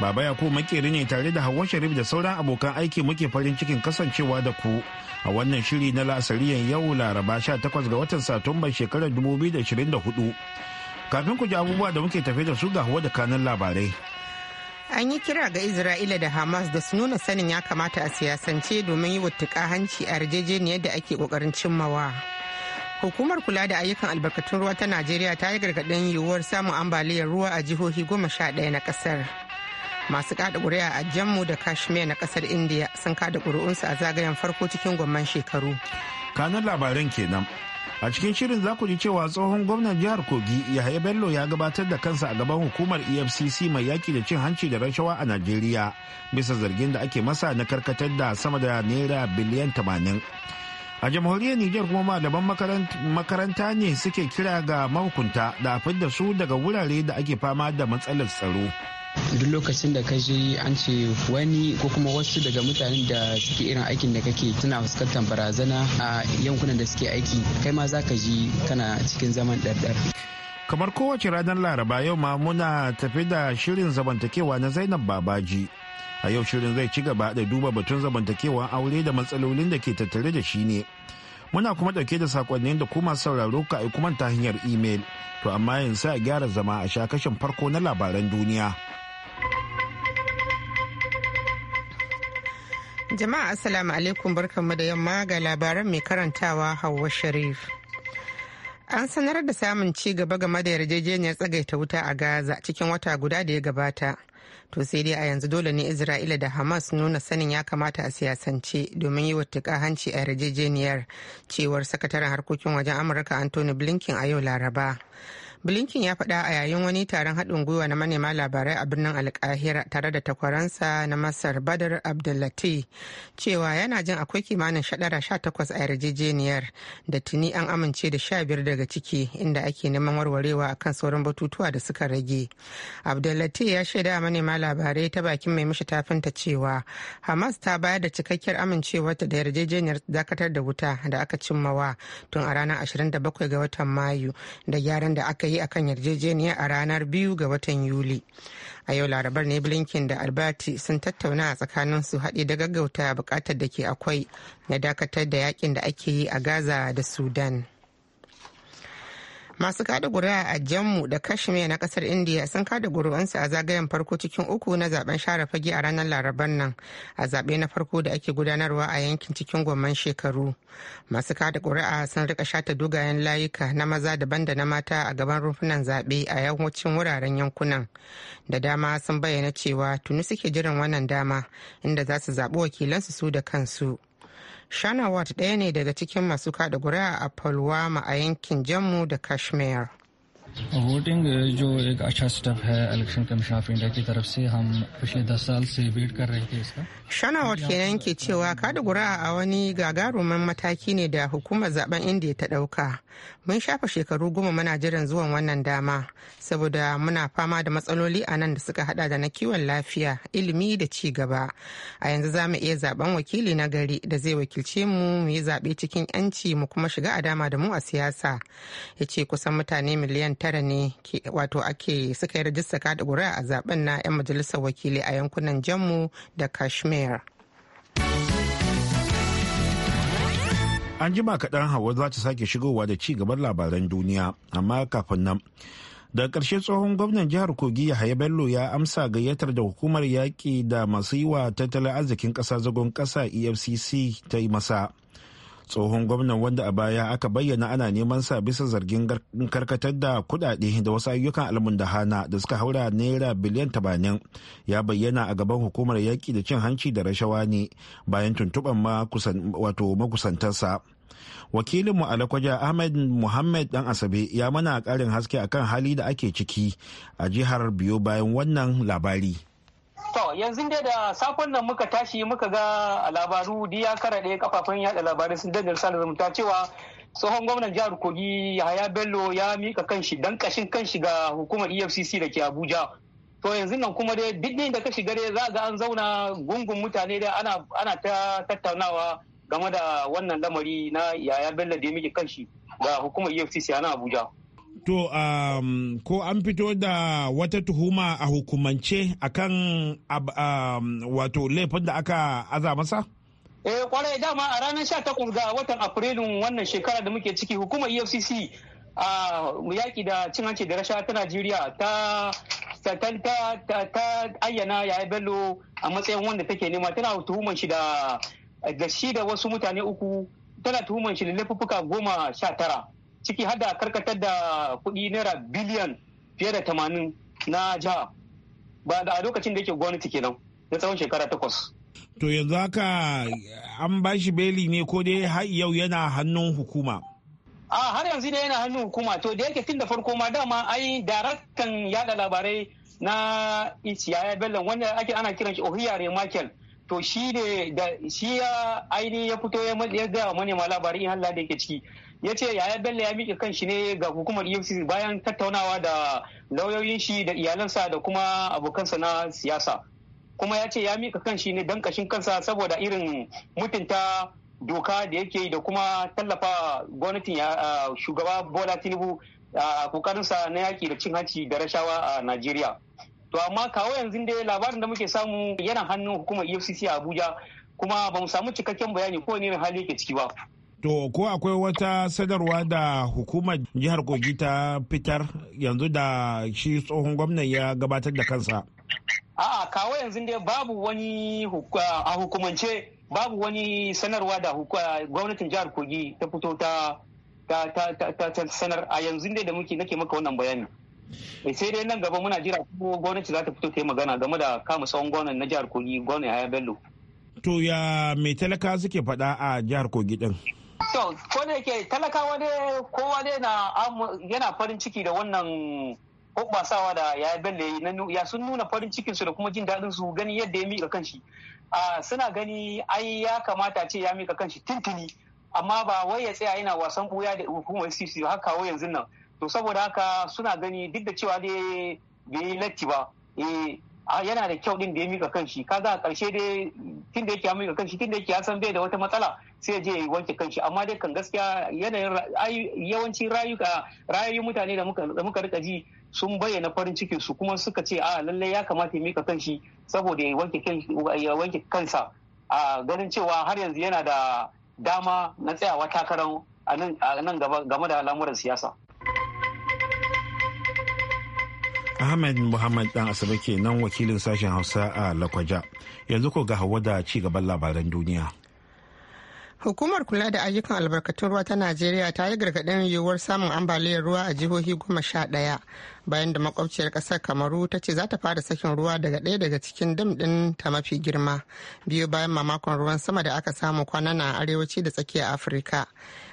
Baba ya ko makeri ne tare da hawan Sharif da sauran abokan aiki muke farin cikin kasancewa da ku a wannan shiri na lasariyan yau Laraba 18 ga watan Satumba shekarar 2024. Kafin ku ji abubuwa da muke tafe da su ga hauwa da kanan labarai. An yi kira ga Isra'ila da Hamas da su nuna sanin ya kamata a siyasance domin yi wuttuka hanci a yarjejeniyar da ake kokarin cimmawa. hukumar kula da ayyukan albarkatun ruwa ta najeriya ta yi gargaɗin yiwuwar samun ambaliyar ruwa a jihohi goma sha ɗaya na ƙasar masu kada kuri'a a jammu da kashmir na kasar india sun kada kuri'unsu a zagayen farko cikin gwamman shekaru kanan labaran kenan a cikin shirin za ku ji cewa tsohon gwamnan jihar kogi yahaya bello ya gabatar da kansa a gaban hukumar efcc mai yaki da cin hanci da rashawa a najeriya bisa zargin da ake masa na karkatar da sama da naira biliyan tamanin a jamhuriyar niger kuma malaman makaranta ne suke kira ga mahukunta da fidda su daga wurare da ake fama da matsalar tsaro duk lokacin da ka je an ce wani ko kuma wasu daga mutanen da suke irin aikin da kake suna fuskantar barazana a yankunan da suke aiki kai ma za ka ji kana cikin zaman ɗarɗar. kamar kowace ranar laraba yau ma muna tafi da shirin zamantakewa na zainab babaji a yau shirin zai ci gaba da duba batun zamantakewa aure da matsalolin da ke tattare da shi ne muna kuma dauke da sakonnin da kuma sauraro ka kuma ta hanyar imel to amma yanzu a gyara zama a shakashin farko na labaran duniya. Jama'a Assalamu alaikum barkanmu da yamma ga labaran mai karantawa Hauwa Sharif. An sanar da samun ci gaba game da yarjejeniyar tsagaita wuta a Gaza cikin wata guda da ya gabata. To sai dai a yanzu dole ne Isra'ila da Hamas nuna sanin ya kamata a siyasance domin yi wattuƙa hanci a yarjejeniyar cewar sakataren harkokin wajen Amurka Anthony Blinken a yau Laraba. blinken ya faɗa a yayin wani taron haɗin gwiwa na manema labarai a birnin alkahira tare da takwaransa na masar badar abdullati cewa yana jin akwai kimanin shaɗara sha takwas a yarjejeniyar da tuni an amince da sha biyar daga ciki inda ake neman warwarewa a kan sauran batutuwa da suka rage abdullati ya shaida a manema labarai ta bakin mai mishi tafinta cewa hamas ta bayar da cikakkiyar amincewarta da yarjejeniyar dakatar da wuta da aka cimmawa tun a ranar da bakwai ga watan mayu da gyaran da aka a kan yarjejeniya a ranar biyu ga watan yuli a yau larabar ne blinken da albati sun tattauna a tsakanin su haɗe da gaggauta buƙatar da ke akwai na dakatar da yakin da ake yi a gaza da sudan masu kada ƙuri'a a jammu da kashmir na ƙasar indiya sun kada ƙuri'unsu a zagayen farko cikin uku na zaben share fage a ranar laraban nan a zaɓe na farko da ake gudanarwa a yankin cikin gwamman shekaru masu kada ƙuri'a sun rika shata dogayen layuka na maza daban da na mata a gaban rufunan zaɓe a yawancin wuraren yankunan da dama sun bayyana cewa tuni suke jiran wannan dama inda za su zaɓi wakilansu su da kansu shanawat ɗaya ne daga cikin masu kada guri a palwama a yankin jammu da kashmir voting uh, जो एक kenan ke cewa kada gura'a a wani gagarumin mataki ne da hukumar zaben indiya ta ɗauka mun shafa shekaru goma muna jiran zuwan wannan dama saboda muna fama da matsaloli a nan da suka haɗa da na kiwon lafiya ilimi da ci gaba a yanzu za mu iya zaben wakili na gari da zai wakilci mu mu yi zaɓe cikin yanci mu kuma shiga a dama da mu a siyasa ya ce kusan mutane miliyan tara ne wato ake suka yi rajista kada ƙuri'a a zaben na 'yan majalisar wakili a yankunan jammu da kashmir an jima kaɗan hawa za ta sake shigowa da ci gaban labaran duniya amma kafin nan da ƙarshe tsohon gwamnan jihar kogi yahaya bello ya amsa gayyatar da hukumar yaƙi da masu yi wa tattalin arzikin ƙasa zagon ƙasa efcc ta yi masa tsohon gwamnan wanda a baya aka bayyana ana neman sa bisa zargin karkatar da kudade da wasu ayyukan almundahana da suka haura naira biliyan tabanin ya bayyana a gaban hukumar yaƙi da cin hanci da rashawa ne bayan tuntuɓar wato makusantarsa wakilin wakilinmu alakwaja ahmed muhammad dan asabe ya mana karin haske akan hali da ake ciki a jihar biyo bayan wannan labari To yanzu dai da safon nan muka tashi muka ga labaru ya karaɗe kafafen yada labarai sun dangar sa zumunta cewa tsohon gwamnan jihar kogi yahaya bello ya mika kanshi dan kashin kanshi ga hukumar efcc da ke abuja to yanzu nan kuma dai duk da ka shiga dai za ga an zauna gungun mutane dai ana ana ta tattaunawa game da wannan lamari na yahaya bello da ya mika kanshi ga hukumar efcc a abuja To, um, ko an fito da wata tuhuma a hukumance kan um, wato laifin da aka aza masa? Eh, kwarai dama a ranar 18 ga watan Afrilun wannan shekara da muke ciki hukumar EFCC a yaƙi da cin hanci da rasha ta Najeriya ta ta ayyana yaya bello a matsayin wanda take nema tana tuhuman shi da shi da wasu mutane uku tana tuhuman shi da laifuffuka goma sha tara ciki hada karkatar da kuɗi naira biliyan fiye da tamanin na jiha ba da a lokacin da yake gwamnati kenan na tsawon shekara takwas. To yanzu haka an ba shi beli ne ko dai har yau yana hannun hukuma. A har yanzu dai yana hannun hukuma to da yake tun da farko ma dama ai daraktan yada labarai na Isiya Bello wanda ake ana kiran shi Ohiya Remakel to shi ne da shi ya ainihin ya fito ya gaya manema labarai in Allah da yake ciki ya ce yaya bello ya miƙe kanshi ne ga hukumar efcc bayan tattaunawa da lauyoyin shi da iyalansa da kuma abokansa na siyasa kuma ya ce ya miƙa kanshi ne don kashin kansa saboda irin mutunta doka da yake da kuma tallafa gwamnatin shugaba bola tinubu a kokarinsa na yaƙi da cin hanci da rashawa a najeriya to amma kawo yanzu dai labarin da muke samu yana hannun hukumar efcc a abuja kuma ba mu samu cikakken bayani ko ne hali yake ciki ba To ko akwai wata sadarwa da hukumar jihar Kogi ta fitar yanzu da shi tsohon gwamnan ya gabatar da kansa? A'a kawo yanzu dai babu wani a hukumance babu wani sanarwa da gwamnatin jihar Kogi ta fito ta sanar a yanzu dai da muke nake maka wannan bayani. Eh, sai dai nan gaba muna jira ko gwamnati za ta fito ta yi magana game da kama tsawon gwamnan na jihar Kogi gwamnan Yahaya Bello. To ya mai talaka suke faɗa a jihar Kogi din? To, ko da yake talakawa ne kowa ne na yana farin ciki da wannan hoɓɓasawa da ya belle ya sun nuna farin cikin da kuma jin daɗin su gani yadda ya mika kanshi. suna gani ai ya kamata ce ya mika kanshi tintini amma ba wai ya tsaya yana wasan ɓuya da hukumar sisi haka kawo yanzu nan. To saboda haka suna gani duk da cewa dai bai yi latti ba. Eh a yana da kyau din da ya mika kan shi kaza a karshe dai tun da yake ya mika kan shi tun da yake ya san bai da wata matsala sai je ya wanke kan shi amma dai kan gaskiya yanayin yawancin rayuka rayayyun mutane da muka rika ji sun bayyana farin cikin su kuma suka ce a ah, lalle ya kamata ya mika kan shi saboda ya wanke ya wanke kansa a ganin cewa har yanzu yana da dama na tsayawa takarar a nan gaba game da al'amuran siyasa Ahmed Muhammad dan Asabe ke nan wakilin sashen Hausa a Lakwaja. Yanzu ko ga hawa da ci gaban labaran duniya. Hukumar kula da ayyukan albarkatun ruwa ta Najeriya ta yi gargaɗin yiwuwar samun ambaliyar ruwa a jihohi goma sha ɗaya bayan da makwabciyar kasar kamaru ta ce za ta fara sakin ruwa daga ɗaya daga cikin dam ɗin ta mafi girma biyu bayan mamakon ruwan sama da aka samu kwana na arewaci da tsakiyar afirka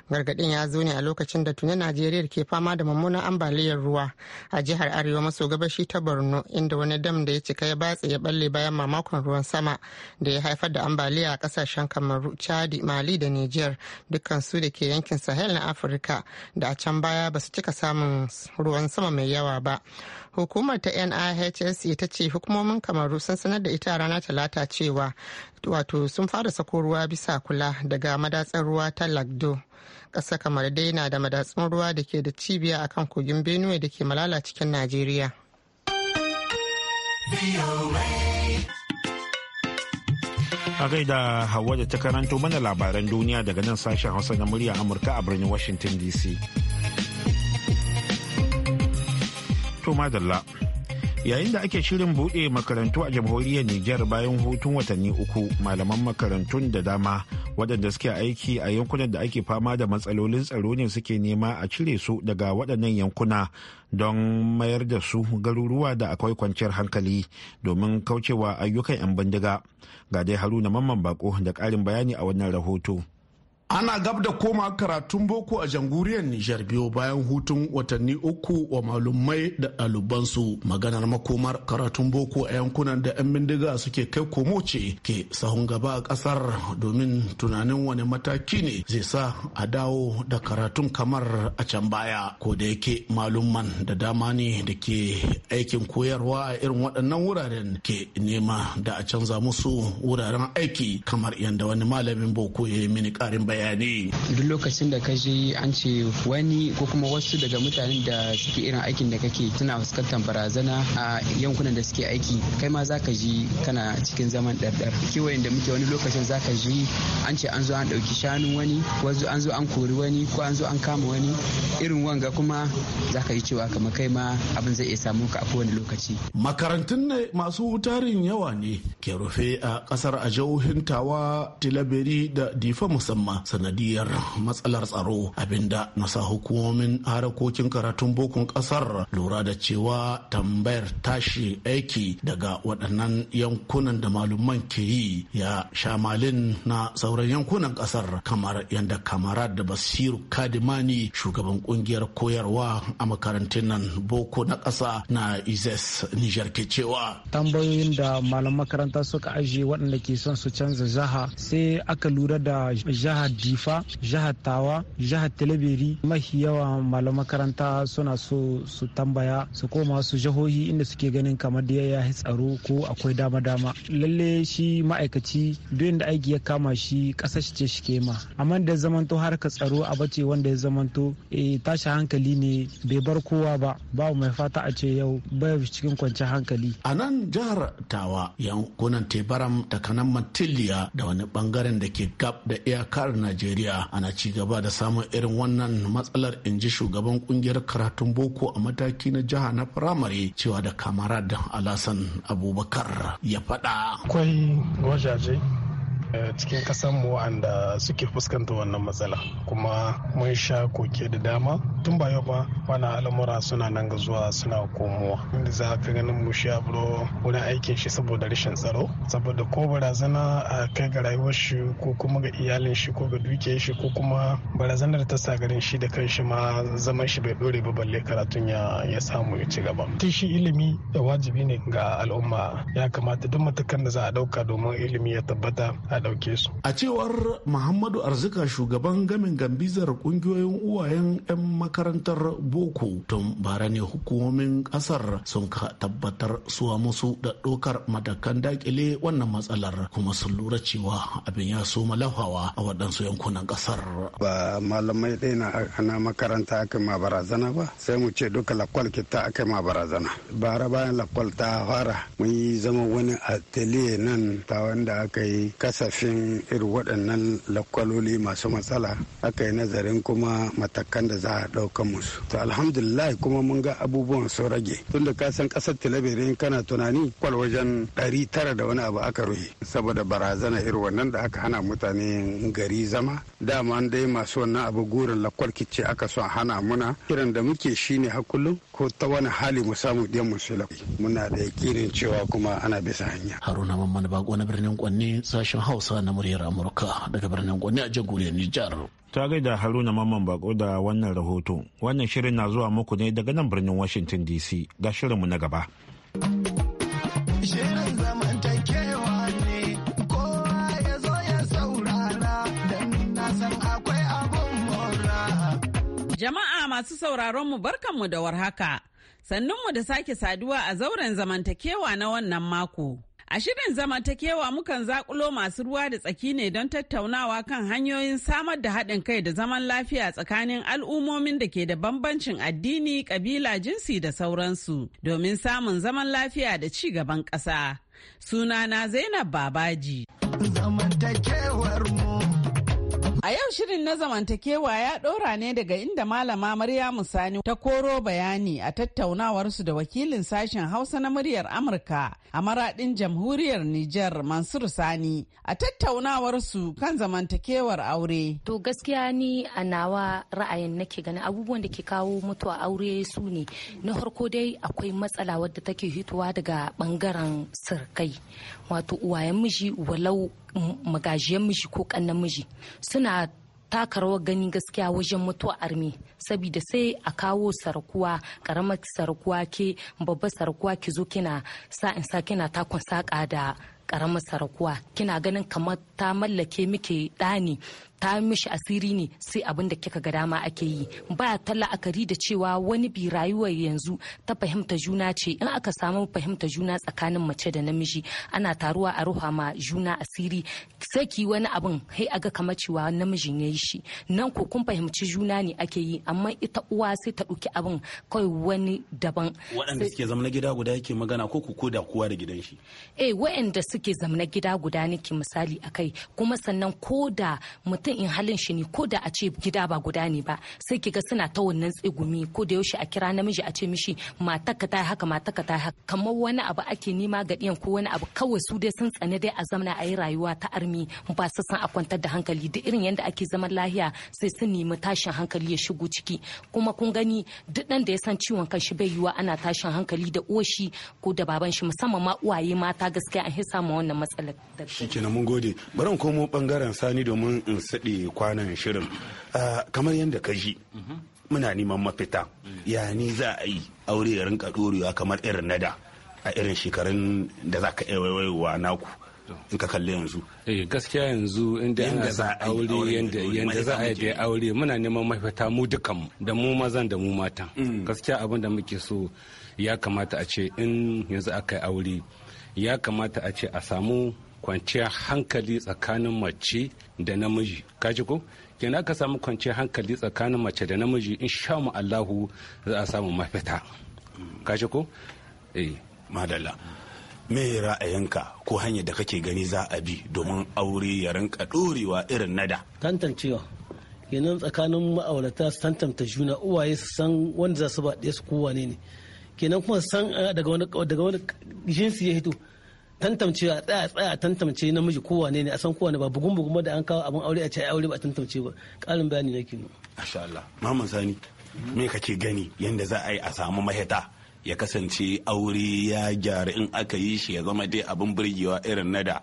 gargaɗin ya zo ne a lokacin da tuni najeriya ke fama da mummunan ambaliyar ruwa a jihar arewa maso gabashi ta borno inda wani dam da ya cika ya batse ya balle bayan mamakon ruwan sama da ya haifar da ambaliya a kasashen kamaru chadi mali da niger dukkan da ke yankin sahel na afirka da a can baya ba su cika samun ruwan sama mai yawa ba ba hukumar ta nihs ita ce hukumomin kamaru sun sanar da ita rana talata cewa wato sun fara sako ruwa bisa kula daga madatsar ruwa ta lagdo ƙasa kamar dai na da madatsun ruwa da ke da cibiya a kan kogin benue da ke malala cikin najeriya a gaida hawa da ta karanto mana labaran duniya daga nan sashen hausa na murya amurka a birnin washington dc To madalla. Yayin da ake shirin buɗe makarantu a jamhuriyar Nijar bayan hutun watanni uku malaman makarantun da dama waɗanda suke aiki a yankunan da ake fama da matsalolin tsaro ne suke nema a cire su daga waɗannan yankuna don mayar da su garuruwa da akwai kwanciyar hankali domin kaucewa ayyukan 'yan bindiga. Ga dai Haruna Mamman Bako da ƙarin bayani a wannan rahoto. ana gab da koma karatun boko a janguriyar nijar biyu bayan hutun watanni uku wa malumai da ɗalibansu maganar makomar karatun boko a yankunan da 'yan bindiga suke kai komo ce ke sahun gaba a ƙasar domin tunanin wani mataki ne zai sa a dawo da karatun kamar a can baya ko da yake malumman da dama ne da ke aikin koyarwa a irin waɗannan wuraren ke nema da a canza musu wuraren aiki kamar yadda wani malamin boko ya yi mini ƙarin baya. bayanai duk lokacin da ka je an ce wani ko kuma wasu daga mutanen da suke irin aikin da kake tana fuskantar barazana a yankunan da suke aiki kai ma zaka ji kana cikin zaman ɗarɗar kewayen da muke wani lokacin zaka ji an ce an zo an ɗauki shanun wani wasu an zo an kori wani ko an zo an kama wani irin wanga kuma zaka yi cewa kamar kai ma abin zai iya samu ka a kowane lokaci makarantun ne masu tarin yawa ne ke rufe a kasar a jihohin tawa tilaberi da difa musamman sanadiyar matsalar tsaro abinda na sa hukumomin harakokin karatun bokun kasar lura da cewa tambayar tashi aiki daga waɗannan yankunan da malaman ke yi ya shamalin na sauran yankunan kasar kamar yadda kamara da basiru kadimani shugaban kungiyar koyarwa a makarantun nan boko na ƙasa na izes nijar ke cewa tambayoyin da malam makaranta suka ajiye waɗanda ke son su canza jaha sai aka lura da jaha jifa jihar tawa jihar talabiri mahi yawa malam makaranta suna so su tambaya su koma su jihohi inda suke ganin kamar da ya yi tsaro ko akwai dama-dama lalle shi ma'aikaci duk da aiki ya kama shi ƙasa ce shi ke ma amma da zamanto harkar tsaro a bace wanda ya zamanto e eh, tashi hankali ne bai bar kowa ba babu mai fata a ce yau bai cikin kwanciyar hankali a nan jihar tawa yankunan tebaram takanan matiliya da wani bangaren da ke gab da iyakar na najeriya ana ci gaba da samun irin wannan matsalar in ji shugaban kungiyar karatun boko a mataki na jiha na firamare cewa da kamarad alasan abubakar ya faɗa akwai wajaje Eh, cikin kasan mu wanda suke fuskanta wannan matsala kuma mun sha koke da dama tun ba yau ba wani al'amura suna nan ga zuwa suna komowa inda za ka ganin mu shi abro wurin aikin shi saboda rashin tsaro saboda ko barazana a kai ga rayuwar shi ko kuma ga iyalin shi ko ga dukiyar shi ko kuma barazanar ta sa garin shi da kanshi ma zaman shi bai dore ba balle karatun ya samu ya ci gaba tun shi ilimi da wajibi ne ga al'umma ya kamata duk matakan da za a dauka domin ilimi ya tabbata a a ɗauke su. A cewar Muhammadu Arzika shugaban gamin gambizar kungiyoyin uwayen 'yan makarantar Boko tun bara ne hukumomin ƙasar sun ka tabbatar suwa musu da dokar matakan dakile wannan matsalar kuma sun lura cewa abin ya soma a waɗansu yankunan ƙasar. Ba malamai ɗaya na ana makaranta aka ma barazana ba sai mu ce duka lakwal kita aka ma barazana. Bara bayan lakwal ta fara mun yi zama wani atelier nan ta wanda aka yi kasa kasafin irin waɗannan lakwaloli masu matsala aka yi nazarin kuma matakan da za a ɗauka musu to alhamdulillah kuma mun ga abubuwan sun rage tunda ka san ƙasar talabere kana tunani kwal wajen ɗari tara da wani abu aka rufe saboda barazana irin wannan da aka hana mutane gari zama dama dai masu wannan abu gurin lakwal kici aka so hana muna kiran da muke shine har kullum ko ta wani hali mu samu ɗiyan mu muna da yakinin cewa kuma ana bisa hanya. Haruna Mamman Bako na birnin Kwanne sashen Hausa na muryar Amurka daga birnin Kwanne a jagoriyar Nijar. Ta gaida Haruna Mamman Bako da wannan rahoto. Wannan shirin na zuwa muku ne daga nan birnin Washington DC ga shirinmu na gaba. Shirin zamantakewa ne kowa ya ya saurara na san akwai abun Jama'a masu sauraronmu barkanmu da warhaka. Sannunmu da sake saduwa a zauren zamantakewa na wannan mako. A shirin zamantakewa mukan zakulo masu ruwa da tsaki ne don tattaunawa kan hanyoyin samar da haɗin kai da zaman lafiya tsakanin al'ummomin da ke da bambancin addini, ƙabila, jinsi da sauransu domin samun zaman lafiya da ci gaban ƙasa. Sunana Zainab Babaji. Zamantakewar A yau shirin na zamantakewa ya ɗora ne daga inda malama Maryamu Sani ta koro bayani a tattaunawarsu da wakilin sashen Hausa na muryar Amurka a maraɗin jamhuriyar Nijar Mansur Sani a tattaunawarsu kan zamantakewar aure. To gaskiya ni a nawa ra'ayin nake gani abubuwan da ke kawo mutuwa aure su ne. Na farko dai akwai matsala wadda take hitowa daga bangaren sirkai. wato uwayen miji walau magajiyan miji ko kannan miji suna taka rawar gani gaskiya wajen mutuwa armi saboda sai a kawo sarakuwa karamar sarakuwa ke babbar sarakuwa ki zo kina sa in sa kina takon saƙa da karamar sarakuwa kina ganin kamar ta mallake miki ɗani ta mishi asiri ne sai abin da kika ga dama ake yi ba ta la'akari da cewa wani bi rayuwar yanzu ta fahimta juna ce in aka samu fahimta juna tsakanin mace da namiji ana taruwa a ruha ma juna asiri sai ki wani abin sai aga kamar cewa namijin ya yi shi nan ko kun fahimci juna ne ake yi amma ita uwa sai ta ɗauki abin kawai wani daban waɗanda suke zama gida guda yake magana ko ku koda kowa da gidan shi eh waɗanda suke zama gida guda nake misali akai kuma sannan ko da mutum mutum in halin shi ne ko da a ce gida ba guda ne ba sai ki ga suna ta wannan tsigumi ko da yaushe a kira namiji a ce mishi ka ta haka ka ta haka kamar wani abu ake nema ga ɗiyan ko wani abu kawai su dai sun tsane dai a zamana a yi rayuwa ta armi ba su san a kwantar da hankali da irin yadda ake zaman lahiya sai sun nemi tashin hankali ya shigo ciki kuma kun gani duk ɗan da ya san ciwon kanshi bai yiwa ana tashin hankali da uwashi ko da baban shi musamman ma uwaye mata gaskiya an hisa ma wannan matsalar. Shikenan mun gode bari mu komo bangaren sani domin in saɗe kwanan shirin ah, kamar yadda ka ji muna neman mafita ya ni za a yi aure ya rinka ɗorewa kamar irin nada a irin shekarun da za ka waiwaiwa naku in ka kalli yanzu. Eh gaskiya yanzu inda yana za aure yanda yanda za a yi aure muna neman mafita mu dukan da mu mazan da mu mata mm. Gaskiya abin da muke so ya kamata a ce in yanzu aka yi aure ya kamata a ce a samu kwanciyar hankali tsakanin mace da namiji kaji ko kenan aka samu kwanciyar hankali tsakanin mace da namiji in sha mu allahu za a samu mafita kaji ko eh madalla me ra'ayinka ko hanyar da kake gani za a bi domin aure ya rinka dorewa irin nada tantancewa kenan tsakanin ma'aurata su tantanta juna uwaye su san wanda za su ba ɗaya su kowane ne kenan kuma san ah, daga wani jinsi ya hito a tsaya tsaya tantance namiji ko wane ne a san kowane ba bugun bugun da an kawo abin aure a ce aure ba tantance ba ƙarin bayani nake ne masha Allah Muhammad Sani me kake gani yanda za a yi a samu mahita ya kasance aure ya gyara in aka yi shi ya zama dai abin burgewa irin na da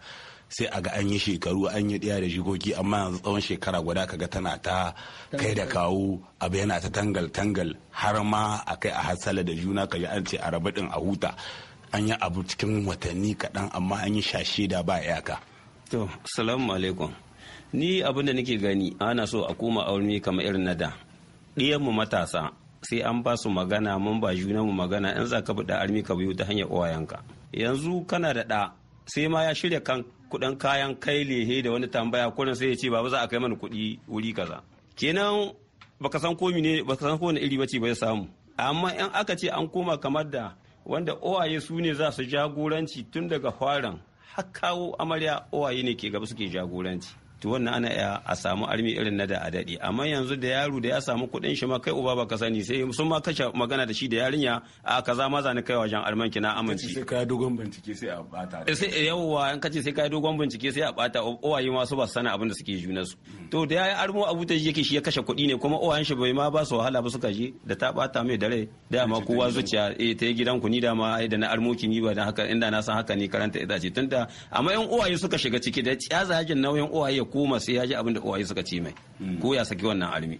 sai a ga an yi shekaru an yi ɗaya da jikoki amma yanzu tsawon shekara guda ka ga tana ta kai da kawo abu yana ta tangal tangal har ma a kai a hasala da juna kaji an ce a rabu din a huta an yi abu cikin watanni kaɗan amma an yi shashe da ba yaka. to salamu alaikum ni abin da nake gani ana so a koma aure kamar irin na da mu matasa sai an ba su magana mun ba mu magana in za ka armi ka biyu ta hanyar uwayenka yanzu kana da ɗa sai ma ya shirya kan kuɗin kayan kai lehe da wani tambaya kurin sai ya ce ba za a kai mana kuɗi wuri kaza kenan baka san ko ne baka san ko iri bace ba ya samu amma in aka ce an koma kamar da wanda owaye su ne za su jagoranci tun daga farin har kawo amarya owaye ne ke gaba suke jagoranci to wannan ana a samu armi irin na da a daɗi amma yanzu da yaro da ya samu kuɗin shi ma kai uba baka sani sai sun ma kashe magana da shi da yarinya a kaza ma zani kai wajen arman ki na amince sai kai dogon bincike sai a bata sai yawwa in kace sai kai dogon bincike sai a bata uwaye ma su ba sana abin da suke junan su hmm. to da yayi armo abu ta yake shi ya kashe kuɗi ne kuma uwayen shi bai ma ba su wahala ba suka je da ta bata mai dare dama kowa zuciya eh ta gidan ku ni dama ai da na armo ki ni ba dan haka inda na san haka ne karanta ita ce tunda amma yan uwaye suka shiga ciki da tsiyaza hajin nauyin uwaye hukuma sai ya ji abin da uwaye suka ci mai hmm. ko ya saki wannan armi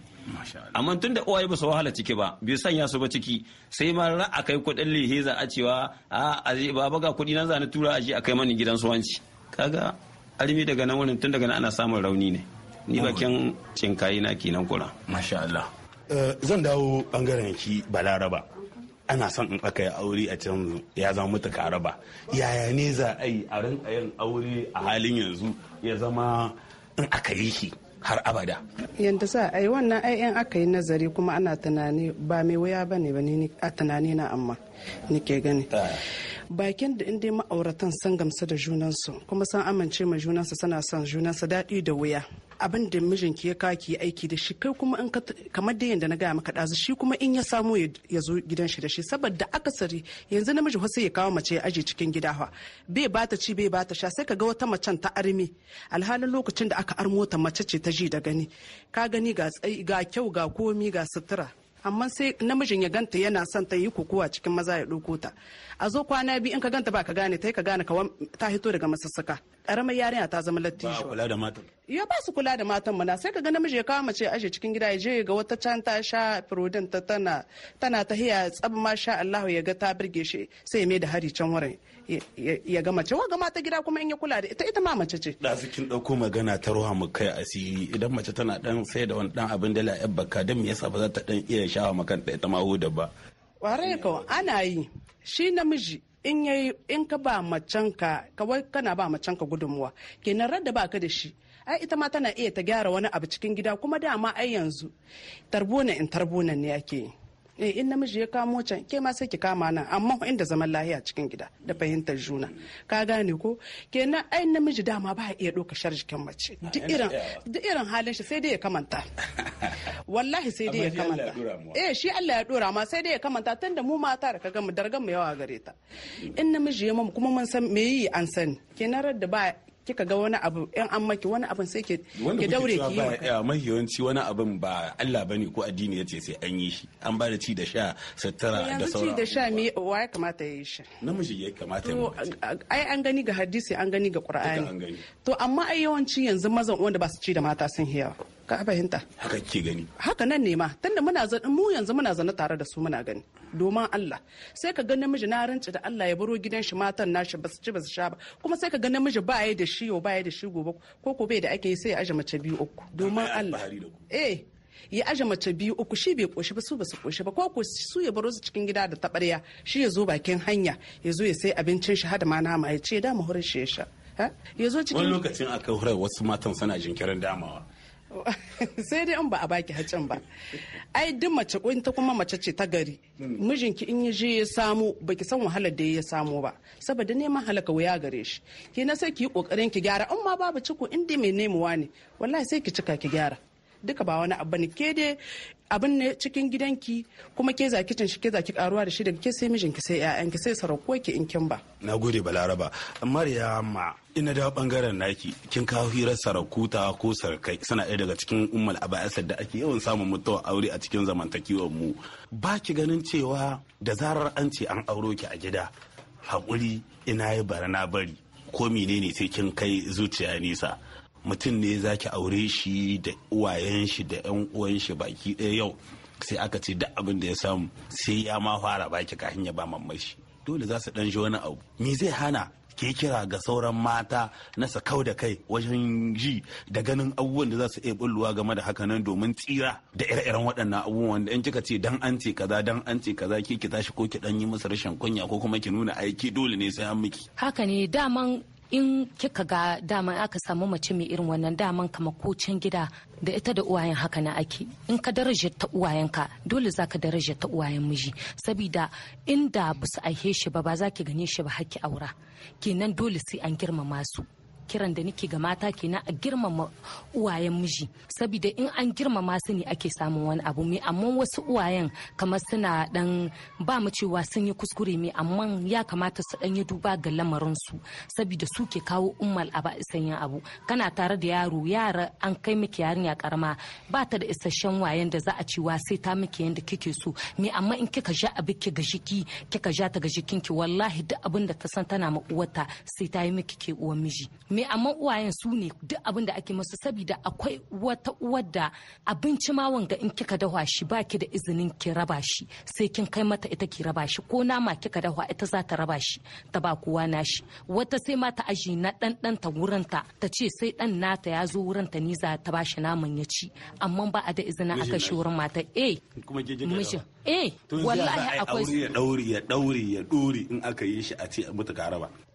amma tun da uwaye ba su wahala ciki ba bai sanya su ba ciki sai ma ra a kai kudin lihe za a cewa a aje ba baga kuɗi na zani tura je a kai mani gidan su wanci kaga armi daga nan wurin tun daga nan ana samun rauni ne ni bakin cinkayi na kenan kula masha Allah eh, zan dawo bangaren ki balaraba ana son in aka yi aure a can ya zama mutu karaba yaya ne za a yi a rinka yin aure a halin yanzu ya zama in aka yi shi har abada. Yanda za a yi wannan ai aka yi nazari kuma ana tunani ba mai wuya ba ne ba ne a tunani na amma ke gani. Ah. Bakin da inda ma'auratan san gamsu da junansu kuma san amince ma junansu suna son junansu daɗi da wuya abin da mijin ke ka ke aiki da shi kai kuma in kamar da yadda na gaya maka d'azu shi kuma in ya samu ya zo gidan shi da shi saboda akasari yanzu namiji sai ya kawo mace ya aje cikin gida fa bai bata ci bai bata sha sai ka ga wata macen ta armi alhalin lokacin da aka armo ta mace ce ta ji da gani ka gani ga tsayi ga kyau ga komi ga sutura amma sai namijin ya ganta yana son ta yi kokowa cikin maza ya ɗauko ta a zo kwana biyu in ka ganta ba ka gane ta ka gane ta hito daga masassaka ƙaramar yarinya ta zama lattijo ba kula da matan ya ba su kula da matan mana sai ka ga namiji ya kawo mace aje cikin gida ya je ga wata can ta sha firodin ta tana tana ta hiya tsab ma sha Allah ya ga ta birge shi sai ya mai da hari can wurin ya ga mace wa ga mata gida kuma in ya kula da ita ita ma mace ce da kin dauko magana ta ruha mu kai asiri idan mace tana dan sai da wani dan abin da yabba ka dan me yasa ba za ta dan iya shawa makan ita ma huda ba ware ka ana yi shi namiji in ka ba macanka kawai kana ba macanka gudunmuwa kenan rada ba ka da shi ai ita ma tana iya ta gyara wani abu cikin gida kuma dama ai yanzu tarbuna in tarbuna ne ake yi eh in namiji ya kamo can ke ma sai ki kama nan amma inda zaman lahiya cikin gida da fahimtar juna ka gane ko kenan ai namiji dama ba iya doka shar jikin mace duk irin duk irin halin shi sai dai ya kamanta wallahi sai dai ya kamanta eh shi Allah ya dora ma sai dai ya kamanta tunda mu mata da kaga mu dargan mu yawa gare ta in namiji ya mamu kuma mun san me yi an sani kenan da ba kika ga wani abu yan an maki wani abin sai ke daure ki yi mafi yawanci wani abin ba Allah bane ko addini yace sai an yi shi an ba da ci da sha sattara da sauran ci da sha me wa ya kamata ya yi shi namiji ya kamata ya ai an gani ga hadisi an gani ga qur'ani to amma ai yawanci yanzu mazan wanda ba su ci da mata sun hiya ka fahimta haka ke gani haka nan ne ma tunda muna zan mu yanzu muna zana tare da su muna gani domin Allah sai ka ga namiji na rantsi da Allah ya baro gidan shi matan nashi basu ci basu sha ba kuma sai ka ga namiji ba ya da shi yau ba ya da shi gobe ko ko bai da ake yi sai ya aje mace biyu uku domin Allah eh ya aje mace biyu uku shi bai koshi ba su ba su koshi ba ko su ya baro su cikin gida da tabarya shi ya zo bakin hanya ya zo ya sai abincin shi hada ma nama ya ce da mu hurin shi ya sha ya zo cikin wani lokacin aka hura wasu matan suna jinkirin damawa sai dai an ba a baki hacin ba ai duk mace ko ta kuma mace ce ta gari hmm. mijinki in ya je ya samu baki san wahalar da ya samu ba saboda neman halaka wuya gare shi na sai ki yi kokarin ki gyara in ma babu ciko in dai mai nemuwa ne wallahi sai ki cika ki gyara duka ba wani abu ne ke dai abin ne cikin gidanki kuma ke za kicin shi ke za ki karuwa da shi daga ke sai mijinki sai ƴaƴanki sai sarakuwa ki in kin ba na gode balaraba maryama ina da bangaren naki kin kawo hirar sarakuta ko sarkai suna ɗaya daga cikin ummal aba'asar da ake yawan samun mutuwa aure a cikin zamantakewar mu ba ki ganin cewa da zarar an ce an auro ki a gida Hakuri ina yi bara bari ko menene sai kin kai zuciya nisa mutum ne zaki aure shi da uwayen shi da yan uwan shi baki ɗaya yau sai aka ce duk abin da ya samu sai ya ma fara baki kafin ya ba mamman dole za su dan ji wani abu me zai hana ke kira ga sauran mata na sakau da kai wajen ji da ganin abubuwan da za su iya bulluwa game da haka nan domin tsira da ire-iren waɗannan abubuwan da in kika ce dan an ce kaza dan an ce kaza ki ki tashi ko ki dan yi masa rashin kunya ko kuma ki nuna aiki dole ne sai an miki haka ne daman in kika ga dama aka samu mace mai irin wannan daman kama kocin gida da ita da uwayen haka na ake in ka daraja ta uwayenka dole za ka daraja ta uwayen miji saboda inda ba su aihe shi ba ba za ki gane shi ba haki aura kenan dole sai an girmama su kiran da nake ga mata kenan a girmama uwayen miji saboda in an girmama su ne ake samun wani abu mai amma wasu uwayen kamar suna dan ba mu cewa sun yi kuskure mai amma ya kamata su dan yi duba ga lamarin su saboda su ke kawo ummal a ba yin abu kana tare da yaro yara an kai miki yarinya karama ba ta da isasshen wayen da za a cewa sai ta miki yanda kike so me amma in kika ja abu ki ga jiki kika ja ta ga jikinki wallahi duk abin da ta san tana ma uwarta sai ta yi miki ke uwan miji me amma uwayen su ne duk abin da ake masu saboda akwai wata uwar da abinci ma wanga in kika dawa shi baki da izinin ki raba shi sai kin kai mata ita ki raba shi ko nama kika dawa ita za ta raba shi ta ba kowa shi wata sai ma ta aji na dan dan ta wurinta ta ce sai dan nata ya zo wurinta ni za ta shi naman ya ci amma ba a da izinin aka shi wurin mata eh mijin eh wallahi akwai aure ya dauri ya dauri ya in aka yi shi a ce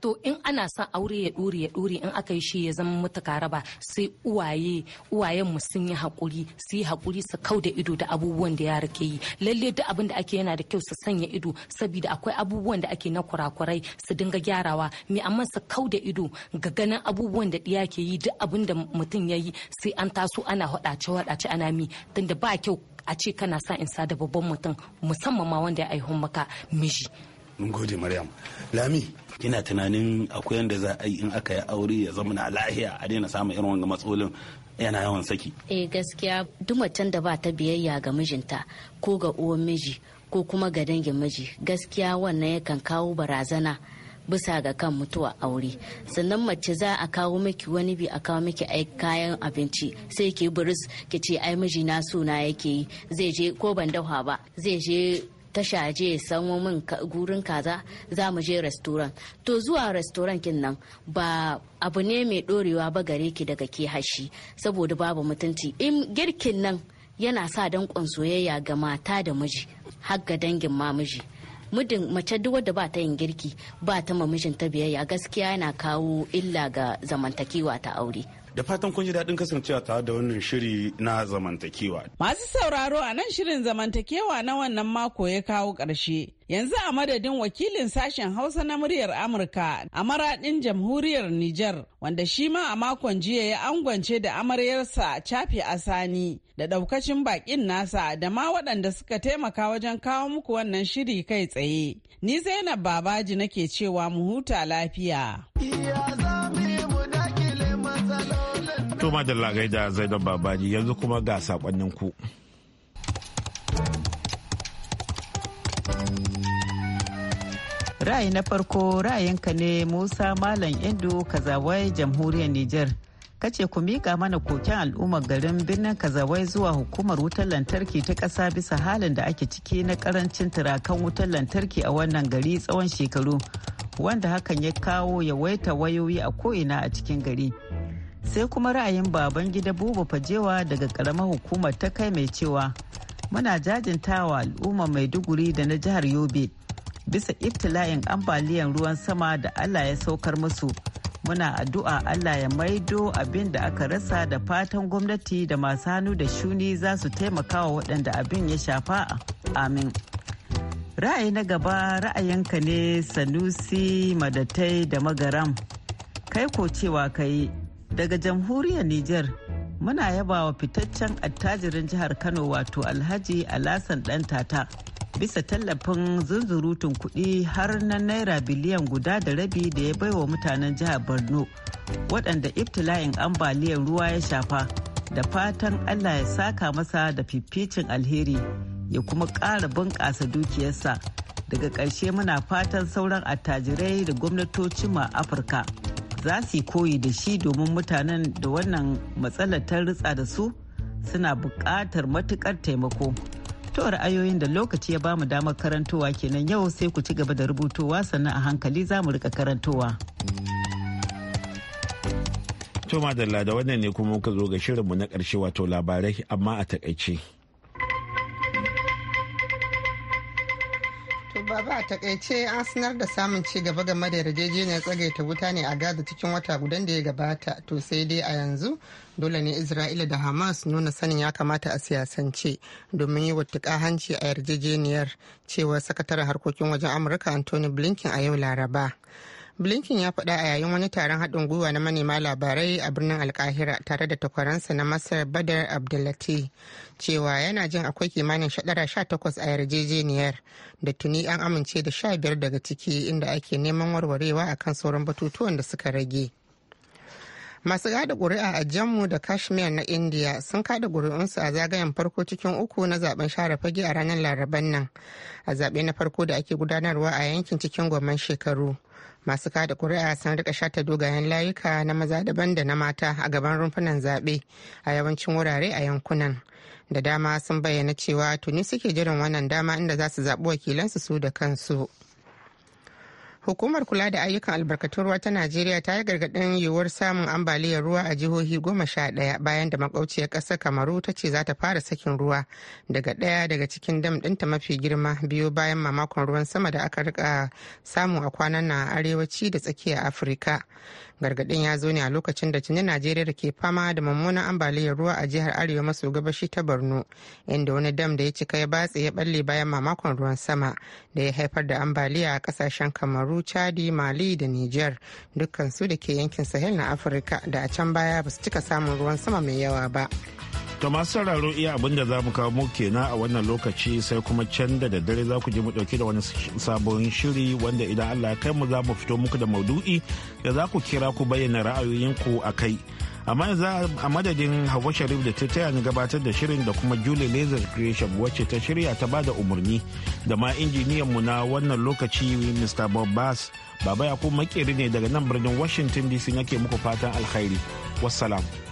to in ana son aure ya duri ya duri in aka yi shi ya zama mutu raba sai uwaye uwayen mu sun yi hakuri su yi hakuri su kau da ido da abubuwan da yara ke yi lalle duk abin da ake yana da kyau su sanya ido saboda akwai abubuwan da ake na kurakurai su dinga gyarawa me amma su kau da ido ga ganin abubuwan da diya ke yi duk abin da mutum ya yi sai an taso ana hadace hadace ana mi tunda ba kyau a ce kana sa in sa da babban mutum musamman ma wanda ya aihun maka miji mun gode maryam lami kina tunanin akwai yadda za a yi in aka yi aure ya zama na lahiya a daina samun irin wanga matsalolin yana yawan saki eh gaskiya duk da ba ta biyayya ga mijinta ko ga uwan miji ko kuma ga dangin miji gaskiya wannan yakan kawo barazana bisa ga kan mutuwa aure sannan mace za a kawo miki wani bi a kawo miki kayan abinci sai ki buris ki ce ai mijina suna yake yi zai je ko ban dafa ba zai je tasha je sanwo min gurin kaza za mu je restoran to zuwa restoran kin nan ba abu ne mai dorewa ba gare ki daga ke hashi saboda babu mutunci in girkin nan yana sa danƙon soyayya ga mata da miji har ga dangin ma miji muddin mace duk wadda ba ta yin girki ba ta ma mijinta biyayya gaskiya yana kawo illa ga zamantakewa ta aure Da fatan kun ji daɗin kasancewa tare da wannan shiri na zamantakewa. Masu sauraro a nan shirin zamantakewa na wannan mako ya kawo ƙarshe. Yanzu a madadin wakilin sashen Hausa na muryar Amurka a maraɗin jamhuriyar Nijar, wanda shi ma a makon jiya ya angwance da amaryarsa Chafi Asani da ɗaukacin baƙin nasa da ma waɗanda suka taimaka wajen kawo muku wannan shiri kai tsaye. Ni Zainab Babaji nake cewa mu huta lafiya. To madalla gaida Zainab Babaji yanzu kuma ga sakonnin ku. Ra'ayi na farko ra'ayinka ne Musa Malam Indo Kazawai Jamhuriyar Nijar. kace ku miƙa mana koken al'ummar garin birnin kazawai zuwa hukumar wutar lantarki ta ƙasa bisa halin da ake ciki na ƙarancin turakan wutar lantarki a wannan gari tsawon shekaru wanda hakan ya kawo yawaita wayoyi a ko'ina a cikin gari sai kuma ra'ayin baban gida buba fajewa daga karamar hukumar ta kai mai cewa muna jajintawa al'umma maiduguri da na jihar yobe bisa iftila'in ambaliyan ruwan sama da allah ya saukar musu muna addu'a allah ya maido abin da aka rasa da fatan gwamnati da masu hannu da shuni za su taimaka waɗanda abin ya shafa amin ra'ayi na gaba ra'ayinka ne sanusi madatai da magaram kai ko cewa ka Daga jamhuriyar Nijar muna yabawa fitaccen attajirin jihar Kano wato Alhaji Alasan ɗan tata bisa tallafin zunzurutun kuɗi har na naira biliyan guda da rabi da ya baiwa mutanen jihar Borno waɗanda ibtila'in ambaliyar ruwa ya shafa da fatan Allah ya saka masa da fificin alheri ya kuma ƙara bunƙasa dukiyarsa daga ƙarshe muna fatan sauran attajirai da gwamnatoci ma Afirka. za su yi koyi da shi domin mutanen da wannan matsalar ta ritsa da su suna buƙatar matuƙar taimako. To ra'ayoyin da lokaci ya ba mu damar karantowa kenan yau sai ku ci gaba da rubutowa sannan a hankali za mu rika karantowa. To madalla da wannan ne kuma muka zo ga shirinmu na ƙarshe wato labarai amma a takaice. ba a takaice an sanar da samun ci gaba game da yarjejeniyar ta wuta ne a gaza cikin wata gudan da ya gabata to sai dai a yanzu dole ne isra'ila da hamas nuna sanin ya kamata a siyasance domin yi wattuka hanci a yarjejeniyar cewa sakataren harkokin wajen amurka anthony blinken a yau laraba blinken ya faɗa a yayin wani taron haɗin gwiwa na manema labarai a birnin alkahira tare da takwaransa na masar badar abdullati cewa yana jin akwai kimanin shadara takwas a yarjejeniyar da tuni an amince da sha biyar daga ciki inda ake neman warwarewa a kan sauran batutuwan da suka rage masu kada ƙuri'a a jammu da kashmir na india sun kada ƙuri'unsu a zagayen farko cikin uku na zaben share fage a ranar laraban nan a zaɓe na farko da ake gudanarwa a yankin cikin gwamman shekaru masu kada kuri'a sun rika shata dogayen layuka na maza daban da na mata a gaban rumfunan zaɓe a yawancin wurare a yankunan da dama sun bayyana cewa tuni suke jiran wannan dama inda za su zaɓi wakilansu su da kansu. hukumar kula da ayyukan albarkatun ruwa ta najeriya ta yi gargaɗin yiwuwar samun ambaliyar ruwa a jihohi goma sha ɗaya bayan da makwauciyar ƙasar kamaru ta ce za ta fara sakin ruwa daga ɗaya daga cikin dam ɗinta mafi girma biyu bayan mamakon ruwan sama da aka rika samu a kwanan na arewaci da tsakiya afirka gargaɗin ya zo ne a lokacin da tuni najeriya da ke fama da mummunan ambaliyar ruwa a jihar arewa maso gabashi ta borno inda wani dam da ya cika ya batse ya balle bayan mamakon ruwan sama da ya haifar da ambaliya a kasashen kamaru chadi mali da niger dukkan da ke yankin sahel na afirka da a can baya ba su cika samun ruwan sama mai yawa ba. To masu sauraro iya abin da za mu kawo mu kenan a wannan lokaci sai kuma can da daddare za ku je mu dauki da wani sabon shiri wanda idan Allah ya kai mu za mu fito muku da maudu'i da za ku kira ku bayyana ra'ayoyinku a kai. Amma yanzu a madadin Hawa Sharif da ta taya ni gabatar da shirin da kuma Julie Laser Creation wacce ta shirya ta bada umarni da ma injiniyan mu na wannan lokaci Mr. Bob Bass Baba ku makeri ne daga nan birnin Washington DC nake muku fatan alkhairi. Wassalam.